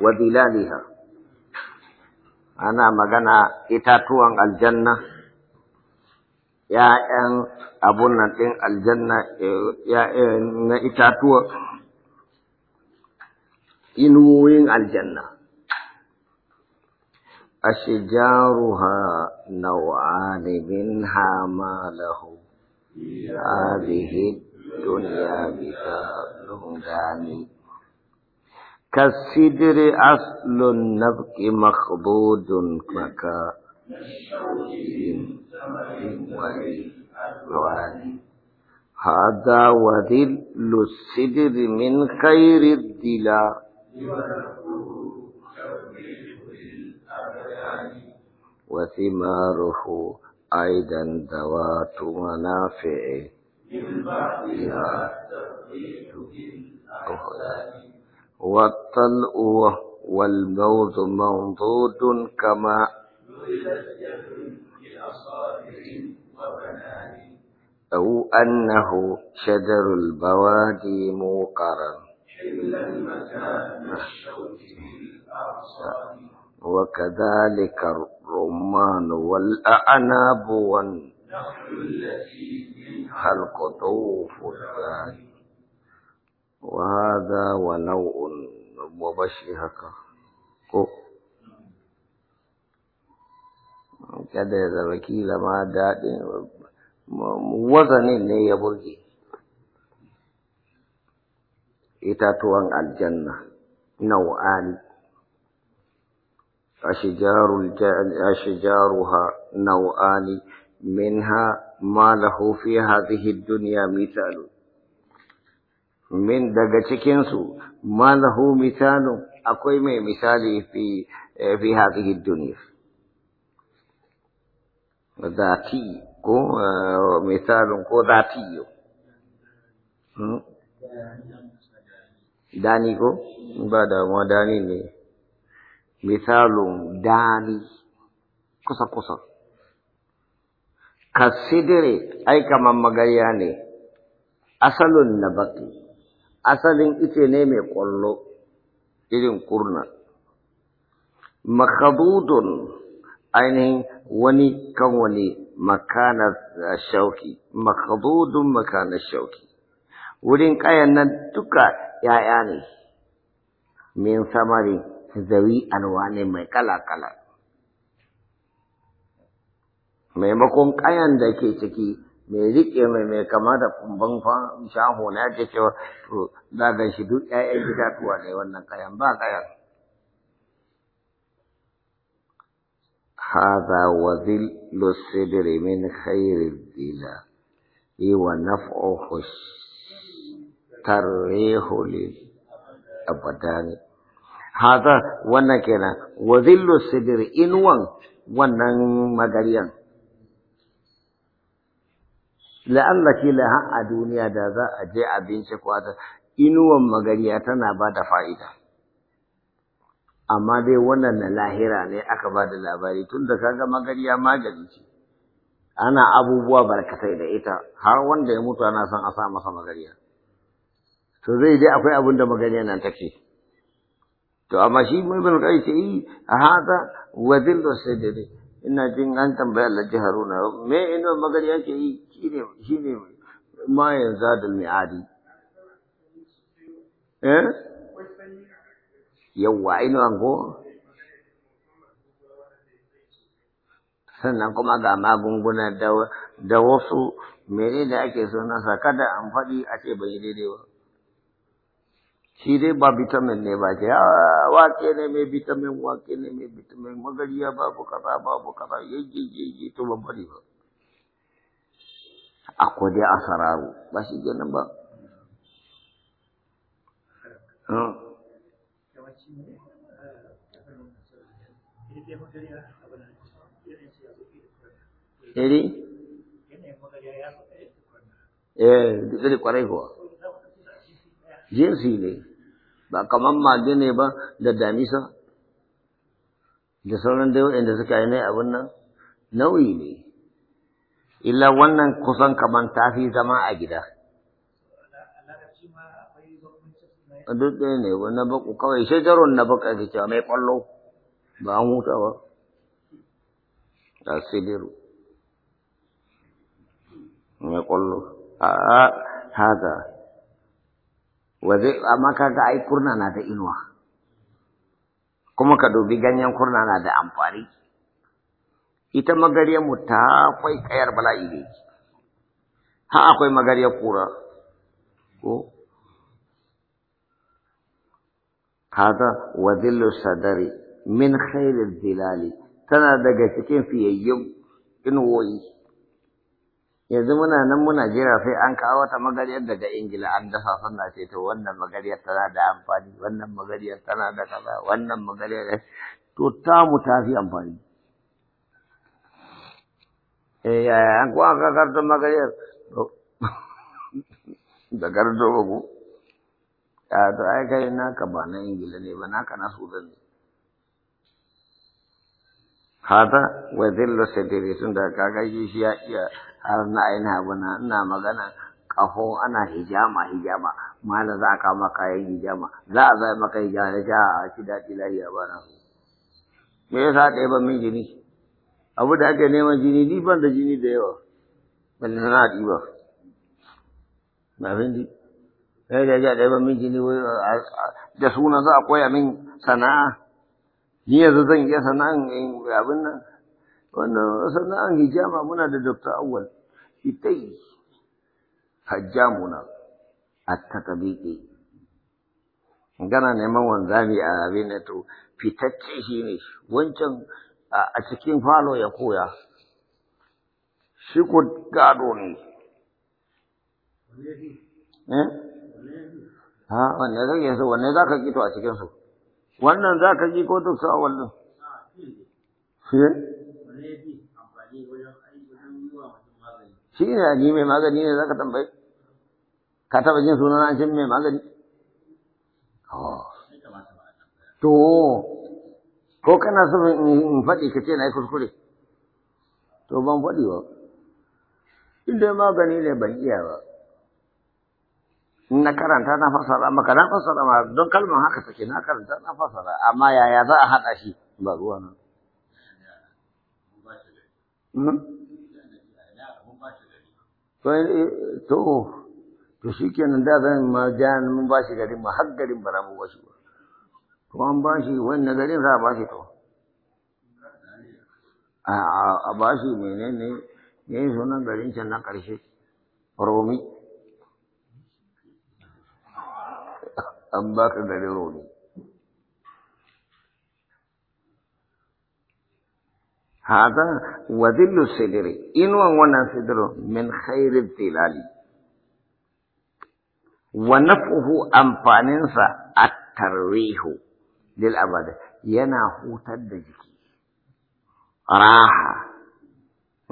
wa zilaliha ana magana itatuwan aljanna ya'yan abun ɗin aljanna ya'yan na itatuwa inuwoyin aljanna a shigaru ha na wa'anibin ha ma lahu ya bihi duniya bisa lungani كالسدر أصل النبك مخبود كك هذا وذل السدر من خير الدلا وثماره أيضا ذوات منافع من بعدها تفضيل بالأحسان والطلء والموز منضود كما أو أنه شجر البوادي موقرا وكذلك الرمان والأعناب والنخل التي منها القطوف الثاني wa hadha wa wa bashi haka ko kada ya zama kila ma daɗin wazanin ne ya burge itatuwan aljanna nau'ani ashijaruha nau'ani minha ma lahu fi hadhihi ad-dunya mithalun min daga cikinsu ma lahu misalu akwai mai misali fi eh, fi hadhihi dunya zati ko eh, misalun ko zati hmm? dani ko ba da ma dani ne misalun dani kusa kusa kasidire ai kaman magarya ne asalun baki. asalin ice ne mai ƙwallo irin kurna. Makadudun ainihin wani kan wani makanar shauki, makadudun makanar shauki. Wurin ƙayan nan duka ‘ya'ya ne, min samari zawi ne mai kala-kala. Maimakon ƙayan da ke ciki mai riƙe mai mai kama da kumban shaho na yake cewa to za ga shi duk ƴaƴan itatuwa ne wannan kayan ba kayan hadha wa dhillu sidri min khairi dhila wa naf'u naf'uhu tarihu li abadani hadha wannan kenan wa dhillu sidri inwan wannan magariyan la'alla kila a duniya da za a je a bincika ta inuwan magariya tana ba da fa'ida amma dai wannan na lahira ne aka ba da labari tun da kaga magariya magani ce ana abubuwa barkatai da ita har wanda ya mutu ana son a sa masa magariya to zai je akwai abin da magariya nan take to amma shi mai bin kai ce yi eh, a hada wa zillu sidri ina jin an tambaya Alhaji Haruna me ina magari yake yi shine shine ma yanzu mi'adi eh yawa ina ango sannan kuma ga magunguna da wasu mene da ake so na kada amfani faɗi a ce bai daidai ba shi dai ba vitamin ne ba ke ah, wake ne mai vitamin wake ne mai vitamin magariya babu kaza babu kaza yayyayyayi to ba bari ba akwai dai asararu ba shi kenan ba hmm. Eh, duk da kwarai kuwa. Jinsi ne. ba kamar mage ne ba da damisa da sauran dai inda suka yi nai abin nan nau'i ne illa wannan kusan kamar ta fi zama a gida duk ɗaya ne na baku kawai shajarun na baka ake cewa mai ƙwallo ba an huta ba asibiru mai ƙwallo a haka zai amma kaga ai kurna na da inuwa kuma ka dubi ganyen kurna na da amfani ita magariyar mu ta kwai kayar bala'i ne ha akwai magariyar kura ko wa dillu sadari min khairil zilali tana daga cikin fiyayyun inuwoyi yanzu muna nan muna jira sai an kawo wata magaryar daga ingila an dasa sannan ce to wannan magaryar tana da amfani wannan magaryar tana da kaza wannan magaryar to mu ta fi amfani eh ya an kuwa ka karto magaryar da karto ba ku a to ai kai naka ba na ingila ne ba ka na sudan ne hada wa zillu sidiri tun da kaga shi ya iya har na aina abuna ina magana kafo ana hijama hijama mana za a kama kayan hijama za a zai maka hijama ya ja a shi daɗi lahiya ba na me yasa ɗaya ban min jini abu da ake neman jini ni ban da jini da yawa ban na ɗiba na bindi sai da ja ɗaya ban min jini da suna za a koya min sana'a ni yanzu zan iya sana'an abin nan wannan sana'an hijama muna da Dr. awal itai hajjamuna a takabiƙe gana neman wanzami a abin ne to fitacce shi ne wancan a cikin falo ya koya shi ko gado ne eh ha wanne zai yi wanne zaka kito a cikin su wannan za ka ji ko duk sa wallon shi ne a ji mai magani ne za ka tambayi ka taba jin sunan an mai magani oh. to ko kana so in faɗi ka ce na yi kuskure to ban faɗi ba inda magani ne ban iya ba na karanta na fasara maka na fasara ma don kalmar haka take na karanta na fasara amma yaya za a haɗa shi ba ruwa nan hmm? to to shi kenan da zan ma jan mun ba shi gari ma har garin ba mu ba shi ba to an ba shi wannan garin za a ba shi to a ba shi menene ne sunan garin can na ƙarshe romi هذا وذل السدر إن وانا سدر من خير الظلال ونفعه أمفاننسا الترويح للأبد ينا هوتا الدجكي راحة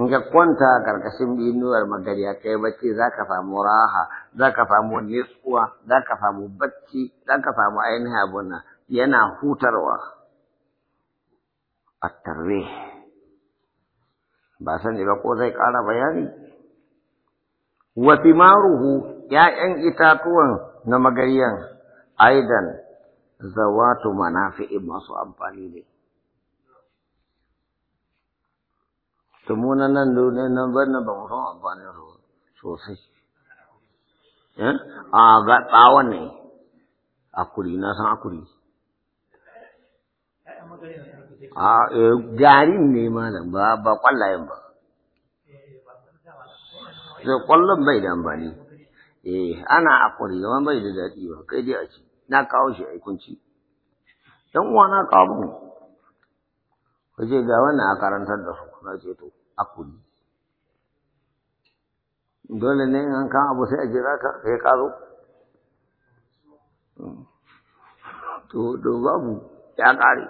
in ka kwanta a ƙarƙashin inuwar magariya kai bacci za ka samu raha za ka samu nitsuwa za ka samu bacci za ka samu ainihin abuna yana hutarwa a tarre. ba sani ba ko zai ƙara bayani Wafi maruhu ‘ya'yan itatuwan na magariyan aidan zawatu manafi'i masu amfani ne to mu nan do ne nan bar nan ba mu san amfanin ruwa sosai eh? a ga tsawon ne a akuri na san a akuri a eh, garin ne malam ba ba kwallayen ba da kwallon bai da amfani eh ana a akuri amma bai da dadi ba kai dai a ci na kawo shi aikunci dan uwana na kawo mu kaje ga wannan a karantar da su na ce to hakuri dole ne an kan abu sai a jira ka sai ka zo to do babu ya kare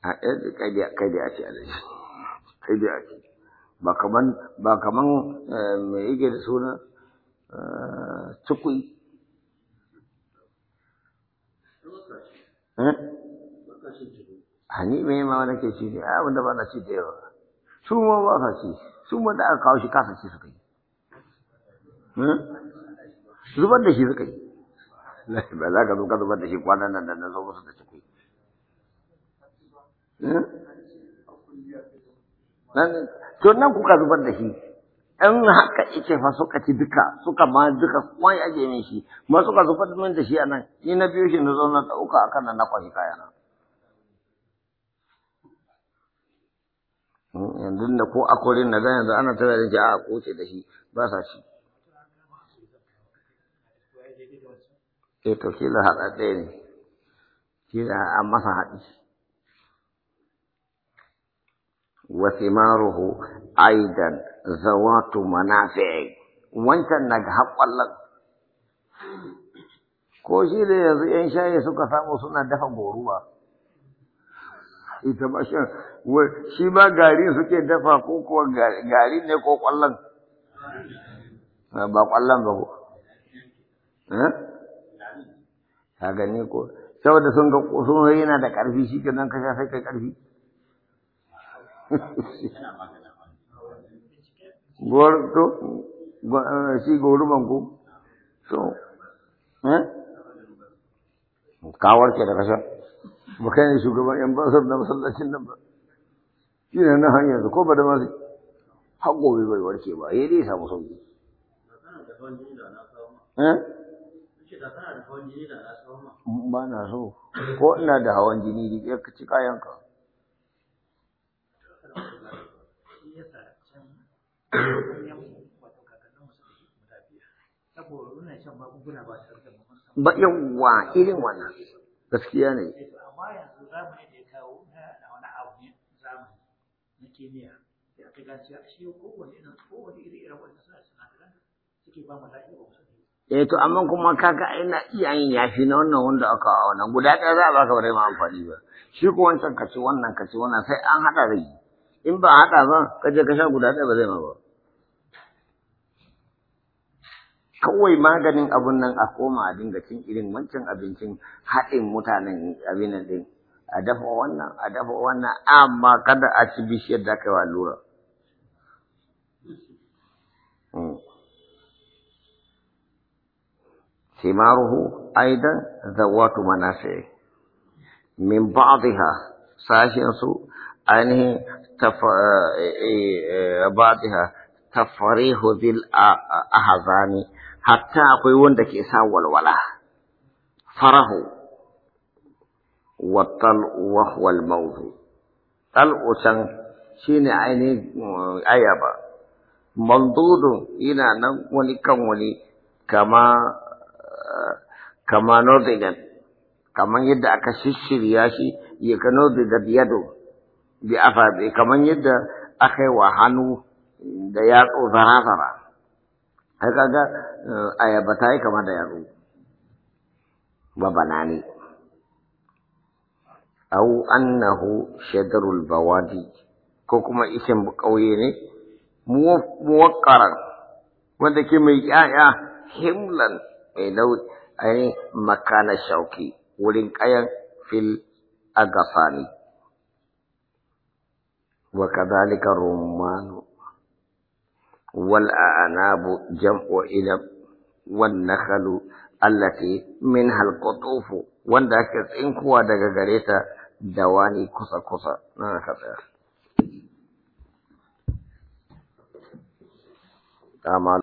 a ɗaya kai kai da ake alaji kai da ake ba kaman ba kaman eh, mai yake da suna tukui eh hani me ma wanda ke ci ne a wanda ba na ci da yawa su ma ba sa ci su ma da aka kawo shi kasa ci suka yi hmm? zubar da shi suka yi ba za ka zo ka zubar da shi kwana nan da na zo musu da ci kai hmm? to nan kuka zubar da shi in haka ike fa suka ci duka suka ma duka kuma ya je shi ma suka zubar da shi a nan ni na biyo shi na zo na ɗauka akan nan na kwashi kayana. yanzu da ko akwai na ga yanzu ana tare da a koce da shi ba sa eh, shi ke to kila haɗa ɗaya ne da an masa haɗi wa thimaruhu aidan zawatu manafi wancan na ga haƙwallon ko shi da yanzu 'yan shayi suka samu suna dafa goruwa ita ba shi shi ba gari suke dafa ko kuwa gari ne ko kwallon ah, ba kwallon ba ko ha eh? gani ko saboda sun ga sun yana da karfi shi kenan ka sha sai kai karfi gor to eh, shi goruman ko so eh kawar ke da kasa ba shugaban yan basar na masallacin nan ba shi ne na hanyar ko ba da masu haƙobi bai warke ba ya dai samu sauƙi. Eh? ba na so ko ina da hawan jini da ya ci ka. ba yawwa irin wannan gaskiya ne zamani da ya kawo na wani abu ne zamani na kimiyya da aka gane a shi ko wani irin ko wani irin irin wannan sa suna sinadaran suke ba mu lafiya ba musu Eh to amma kuma kaga ina iya yin yafi na wannan wanda aka a wannan guda ɗaya za a baka bare ma amfani ba shi ko wancan kace wannan kace wannan sai an hada da yi in ba hada ba ka je ka sha guda ɗaya ba zai ma ba kawai maganin abun nan a koma a dinga cin irin wancan abincin haɗin mutanen abin nan ɗin a dafa wannan a dafa wannan amma kada a ci bishiyar da kai lura simaruhu hmm. aidan zawatu manasi min ba'dha sashin su ainihin eh, eh, ba'dha tafarihu bil ahzani hatta akwai wanda ke sa walwala farahu wattal wahwal tal usan shine ainihin uh, ayaba Mandudu ina nan wani kan wani kama uh, kama nordigan kaman yadda aka shishirya shi ya ka nordigan yado bi bi kaman yadda aka yi wa hannu da yatsu zara-zara haka ga uh, ayaba ta yi kama da yatsu ba banani au annahu shadarul bawadi ko kuma isin ƙauye ne muwakkaran wanda ke mai ƴaƴa himlan mai nau'i ainihin makana shauki wurin ƙayan fil agasani wa kadhalika rumanu wal a'nabu jam'u ilab wan nakhalu allati min al wanda ake tsinkuwa daga gareta da wani kusa-kusa na aka tsaya. Amma